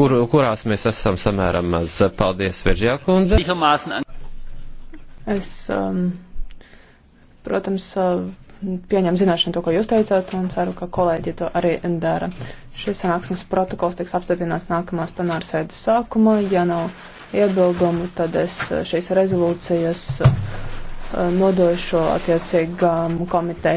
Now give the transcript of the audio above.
kur, kurās mēs esam samērā maz. Paldies, Veržjā kundze. Es, um, protams, uh, pieņem zināšanu to, ko jūs teicāt, un ceru, ka kolēģi to arī dara. Šis sanāksmes protokols tiks apstiprināts nākamās plenārsēdes sākumā. Ja nav iebildumu, tad es šīs rezolūcijas uh, nodošu attiecīgām komitejām.